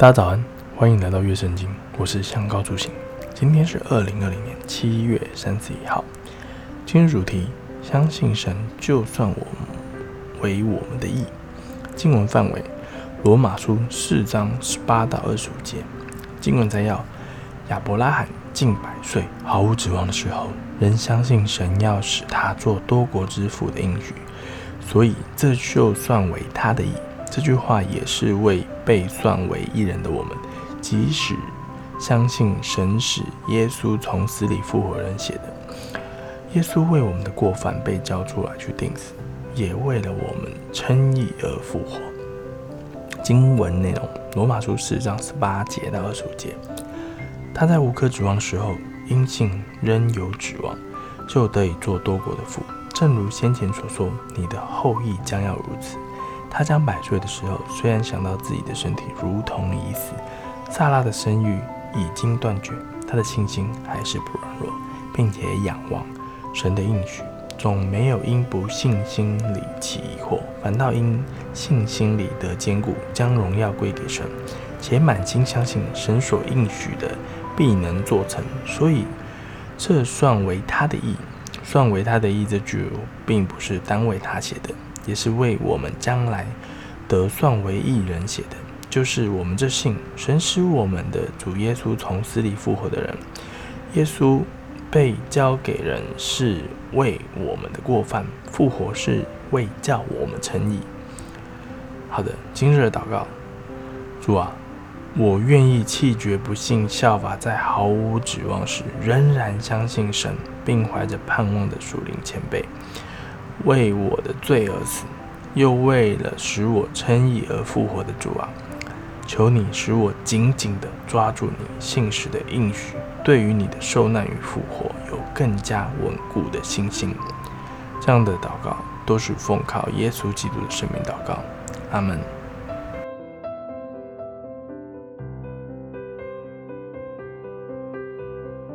大家早安，歡迎來到樂聖經，我是香高竹行。今天是二零二零年七月三十一號，今日主題：相信神，就算我們為我們的義。經文範圍：羅馬書四章十八到二十五節。經文摘要：亞伯拉罕近百歲，毫無指望的時候，仍相信神要使他作多國之父的應許，所以這就算為他的義。這句話也是為被算為義人的我們，即使相信神使耶穌從死裡復活人寫的。耶穌為我們的過犯被交出來去釘死，也為了我們稱義而復活。經文內容：羅馬書四章十八節到二十五節。他在無可指望時候，因信仍有指望，就得以作多國的父。正如先前所說，你的後裔將要如此。他將百歲的時候，雖然想到自己的身體如同已死，撒拉的生育已經斷絕，他的信心還是不軟弱，並且仰望神的應許，總沒有因不信心裡起疑惑，反倒因信心裡得堅固，將榮耀歸給神，且滿心相信神所應許的必能做成，所以這算為他的義，算為他的義這句並不是單為他寫的。也是為我們將來得算為義人寫的，就是我們這信神使我們的主耶穌從死裡復活的人。耶穌被交給人，是為我們的過犯；復活是為叫我們稱義。好的，今日的禱告：主啊，我願意棄絕不信、效法在毫無指望時仍然相信神並懷着盼望的屬靈前輩。為我的罪而死，又為了使我稱義而復活的主啊，求你使我緊緊地抓住你信實的應許，對於你的受難與復活有更加穩固的信心。這樣的禱告都是奉靠耶穌基督的生命禱告。阿門。